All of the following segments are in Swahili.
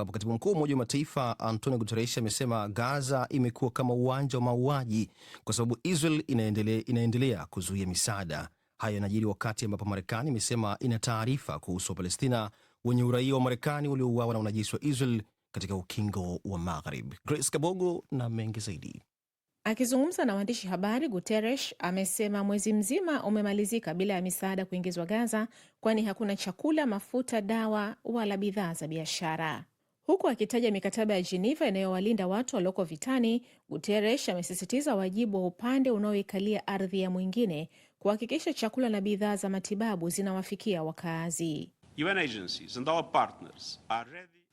ambapo katibu mkuu wa Umoja wa Mataifa Antonio Guterres amesema Gaza imekuwa kama uwanja wa mauaji kwa sababu Israel inaendelea, inaendelea kuzuia misaada. Hayo yanajiri wakati ambapo Marekani imesema ina taarifa kuhusu Wapalestina wenye uraia wa Marekani waliouawa na wanajeshi wa Israel katika ukingo wa Magharibi. Grace Kabogo na mengi zaidi. Akizungumza na waandishi habari, Guterres amesema mwezi mzima umemalizika bila ya misaada kuingizwa Gaza, kwani hakuna chakula, mafuta, dawa wala bidhaa za biashara. Huku akitaja mikataba ya Geneva inayowalinda watu walioko vitani, Guterres amesisitiza wajibu wa upande unaoikalia ardhi ya mwingine kuhakikisha chakula na bidhaa za matibabu zinawafikia wakaazi.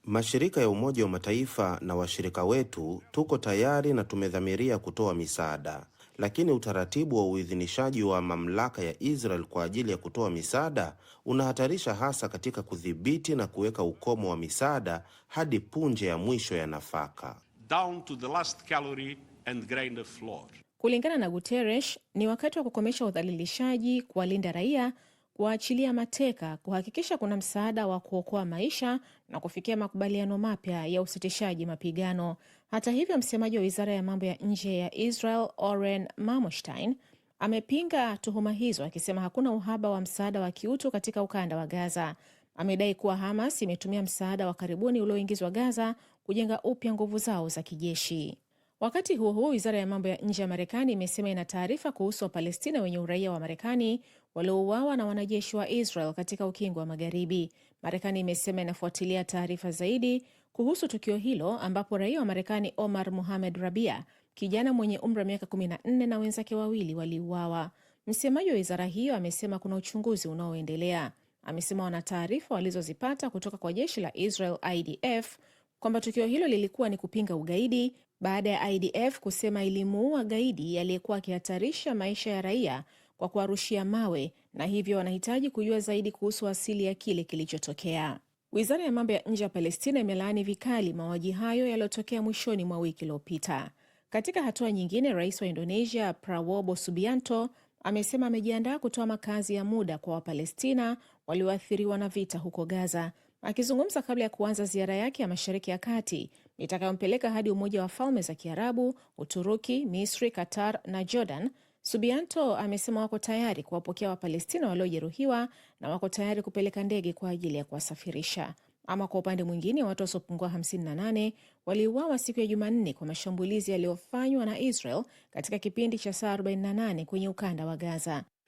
Mashirika ya Umoja wa Mataifa na washirika wetu tuko tayari na tumedhamiria kutoa misaada lakini utaratibu wa uidhinishaji wa mamlaka ya Israel kwa ajili ya kutoa misaada unahatarisha hasa katika kudhibiti na kuweka ukomo wa misaada hadi punje ya mwisho ya nafaka. Down to the last calorie and grain of flour. Kulingana na Guterres, ni wakati wa kukomesha udhalilishaji, kuwalinda raia kuwaachilia mateka, kuhakikisha kuna msaada wa kuokoa maisha na kufikia makubaliano mapya ya usitishaji mapigano. Hata hivyo, msemaji wa wizara ya mambo ya nje ya Israel Oren Mamostein amepinga tuhuma hizo akisema hakuna uhaba wa msaada wa kiutu katika ukanda wa Gaza. Amedai kuwa Hamas imetumia msaada wa karibuni ulioingizwa Gaza kujenga upya nguvu zao za kijeshi. Wakati huo huo, wizara ya mambo ya nje ya Marekani imesema ina taarifa kuhusu Wapalestina wenye uraia wa Marekani waliouawa na wanajeshi wa Israel katika ukingo wa Magharibi. Marekani imesema inafuatilia taarifa zaidi kuhusu tukio hilo, ambapo raia wa Marekani Omar muhamed Rabia, kijana mwenye umri wa miaka 14 na wenzake wawili waliuawa. Msemaji wa wizara hiyo amesema kuna uchunguzi unaoendelea. Amesema wana taarifa walizozipata kutoka kwa jeshi la Israel IDF kwamba tukio hilo lilikuwa ni kupinga ugaidi, baada ya IDF kusema ilimuua gaidi aliyekuwa akihatarisha maisha ya raia kwa kuwarushia mawe na hivyo wanahitaji kujua zaidi kuhusu asili ya kile kilichotokea. Wizara ya mambo ya nje ya Palestina imelaani vikali mauaji hayo yaliyotokea mwishoni mwa wiki iliyopita. Katika hatua nyingine, rais wa Indonesia Prabowo Subianto amesema amejiandaa kutoa makazi ya muda kwa Wapalestina walioathiriwa na vita huko Gaza Akizungumza kabla ya kuanza ziara yake ya Mashariki ya Kati itakayompeleka hadi Umoja wa Falme za Kiarabu, Uturuki, Misri, Qatar na Jordan, Subianto amesema wako tayari kuwapokea Wapalestina waliojeruhiwa na wako tayari kupeleka ndege kwa ajili ya kuwasafirisha. Ama kwa upande mwingine, watu wasiopungua 58 waliuawa siku ya Jumanne kwa mashambulizi yaliyofanywa na Israel katika kipindi cha saa 48 kwenye ukanda wa Gaza.